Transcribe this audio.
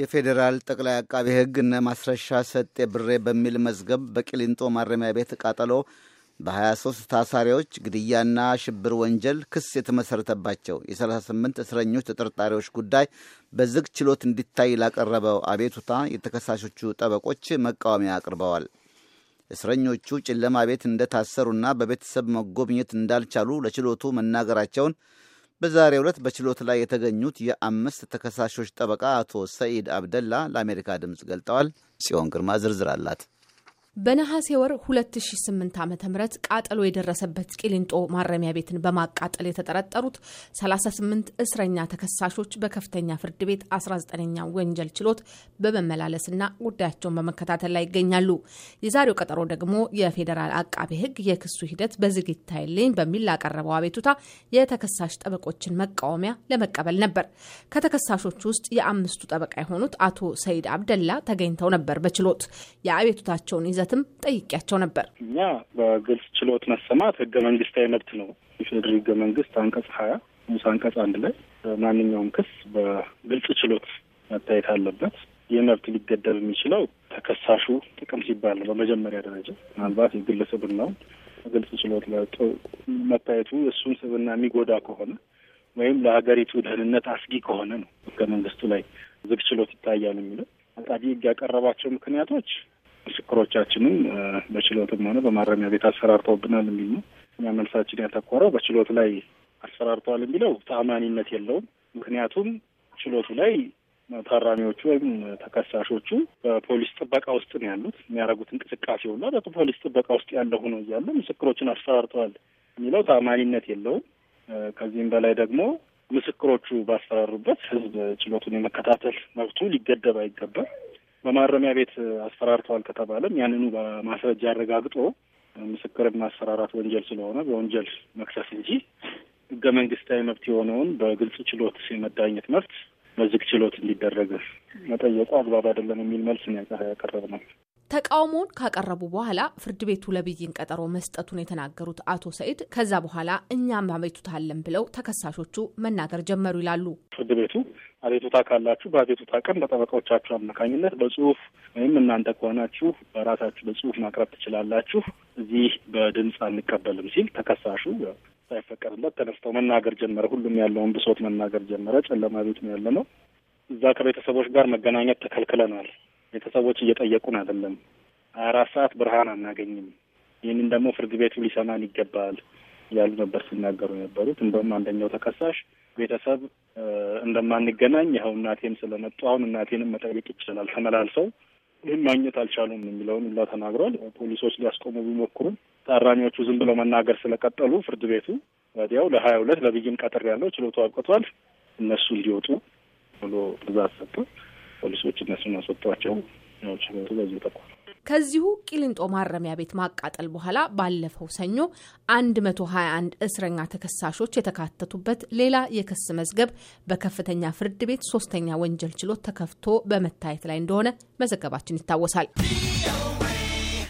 የፌዴራል ጠቅላይ አቃቤ ሕግ እነ ማስረሻ ሰጤ ብሬ በሚል መዝገብ በቂሊንጦ ማረሚያ ቤት ቃጠሎ በ23 ታሳሪዎች ግድያና ሽብር ወንጀል ክስ የተመሠረተባቸው የ38 እስረኞች ተጠርጣሪዎች ጉዳይ በዝግ ችሎት እንዲታይ ላቀረበው አቤቱታ የተከሳሾቹ ጠበቆች መቃወሚያ አቅርበዋል። እስረኞቹ ጨለማ ቤት እንደታሰሩና በቤተሰብ መጎብኘት እንዳልቻሉ ለችሎቱ መናገራቸውን በዛሬው ዕለት በችሎት ላይ የተገኙት የአምስት ተከሳሾች ጠበቃ አቶ ሰኢድ አብደላ ለአሜሪካ ድምፅ ገልጠዋል። ጽዮን ግርማ ዝርዝር አላት። በነሐሴ ወር 2008 ዓ ም ቃጠሎ የደረሰበት ቂሊንጦ ማረሚያ ቤትን በማቃጠል የተጠረጠሩት 38 እስረኛ ተከሳሾች በከፍተኛ ፍርድ ቤት 19ኛ ወንጀል ችሎት በመመላለስና ጉዳያቸውን በመከታተል ላይ ይገኛሉ። የዛሬው ቀጠሮ ደግሞ የፌዴራል አቃቤ ሕግ የክሱ ሂደት በዝግ ይታይልኝ በሚል ላቀረበው አቤቱታ የተከሳሽ ጠበቆችን መቃወሚያ ለመቀበል ነበር። ከተከሳሾቹ ውስጥ የአምስቱ ጠበቃ የሆኑት አቶ ሰይድ አብደላ ተገኝተው ነበር። በችሎት የአቤቱታቸውን ይዘ ይዘትም ጠይቂያቸው ነበር። እኛ በግልጽ ችሎት መሰማት ህገ መንግስታዊ መብት ነው። የፌዴሪ ህገ መንግስት አንቀጽ ሀያ ንዑስ አንቀጽ አንድ ላይ ማንኛውም ክስ በግልጽ ችሎት መታየት አለበት። ይህ መብት ሊገደብ የሚችለው ተከሳሹ ጥቅም ሲባል በመጀመሪያ ደረጃ ምናልባት የግለሰብን ነው በግልጽ ችሎት መታየቱ እሱን ስብና የሚጎዳ ከሆነ ወይም ለሀገሪቱ ደህንነት አስጊ ከሆነ ነው ህገ መንግስቱ ላይ ዝግ ችሎት ይታያል የሚለው። አቃቢ ህግ ያቀረባቸው ምክንያቶች ምስክሮቻችንም በችሎትም ሆነ በማረሚያ ቤት አሰራርተውብናል የሚል ነው። እኛ መልሳችን ያተኮረው በችሎት ላይ አሰራርተዋል የሚለው ተአማኒነት የለውም። ምክንያቱም ችሎቱ ላይ ታራሚዎቹ ወይም ተከሳሾቹ በፖሊስ ጥበቃ ውስጥ ነው ያሉት። የሚያደርጉት እንቅስቃሴ ሁላ በፖሊስ ጥበቃ ውስጥ ያለ ሆኖ እያለ ምስክሮችን አሰራርተዋል የሚለው ተአማኒነት የለውም። ከዚህም በላይ ደግሞ ምስክሮቹ ባስፈራሩበት ህዝብ ችሎቱን የመከታተል መብቱ ሊገደብ አይገባል። በማረሚያ ቤት አስፈራርተዋል ከተባለም ያንኑ በማስረጃ አረጋግጦ ምስክርን ማሰራራት ወንጀል ስለሆነ በወንጀል መክሰስ እንጂ ህገ መንግስታዊ መብት የሆነውን በግልጽ ችሎት የመዳኘት መብት በዝግ ችሎት እንዲደረግ መጠየቁ አግባብ አይደለም የሚል መልስ ያቀረብ ነው። ተቃውሞውን ካቀረቡ በኋላ ፍርድ ቤቱ ለብይን ቀጠሮ መስጠቱን የተናገሩት አቶ ሰኢድ ከዛ በኋላ እኛም አቤቱታ አለን ብለው ተከሳሾቹ መናገር ጀመሩ ይላሉ። ፍርድ ቤቱ አቤቱታ ካላችሁ በአቤቱታ ቀን በጠበቃዎቻችሁ አማካኝነት በጽሁፍ ወይም እናንተ ከሆናችሁ በራሳችሁ በጽሁፍ ማቅረብ ትችላላችሁ፣ እዚህ በድምፅ አንቀበልም ሲል ተከሳሹ ሳይፈቀድለት ተነስተው መናገር ጀመረ። ሁሉም ያለውን ብሶት መናገር ጀመረ። ጨለማ ቤት ነው ያለ ነው። እዛ ከቤተሰቦች ጋር መገናኘት ተከልክለናል ቤተሰቦች እየጠየቁን አይደለም። ሀያ አራት ሰዓት ብርሃን አናገኝም። ይህንን ደግሞ ፍርድ ቤቱ ሊሰማን ይገባል እያሉ ነበር ሲናገሩ የነበሩት። እንደውም አንደኛው ተከሳሽ ቤተሰብ እንደማንገናኝ ይኸው እናቴም ስለመጡ አሁን እናቴንም መጠየቅ ይችላል ተመላልሰው ይህም ማግኘት አልቻሉም የሚለውን ሁላ ተናግሯል። ፖሊሶች ሊያስቆሙ ቢሞክሩም ታራሚዎቹ ዝም ብለው መናገር ስለቀጠሉ ፍርድ ቤቱ ወዲያው ለሀያ ሁለት ለብይን ቀጥር ያለው ችሎቱ አብቅቷል እነሱ እንዲወጡ ብሎ ትእዛዝ ሰጠ። ፖሊሶች እነሱን አስወጥተዋቸው በዚሁ ከዚሁ ቂሊንጦ ማረሚያ ቤት ማቃጠል በኋላ ባለፈው ሰኞ 121 እስረኛ ተከሳሾች የተካተቱበት ሌላ የክስ መዝገብ በከፍተኛ ፍርድ ቤት ሶስተኛ ወንጀል ችሎት ተከፍቶ በመታየት ላይ እንደሆነ መዘገባችን ይታወሳል።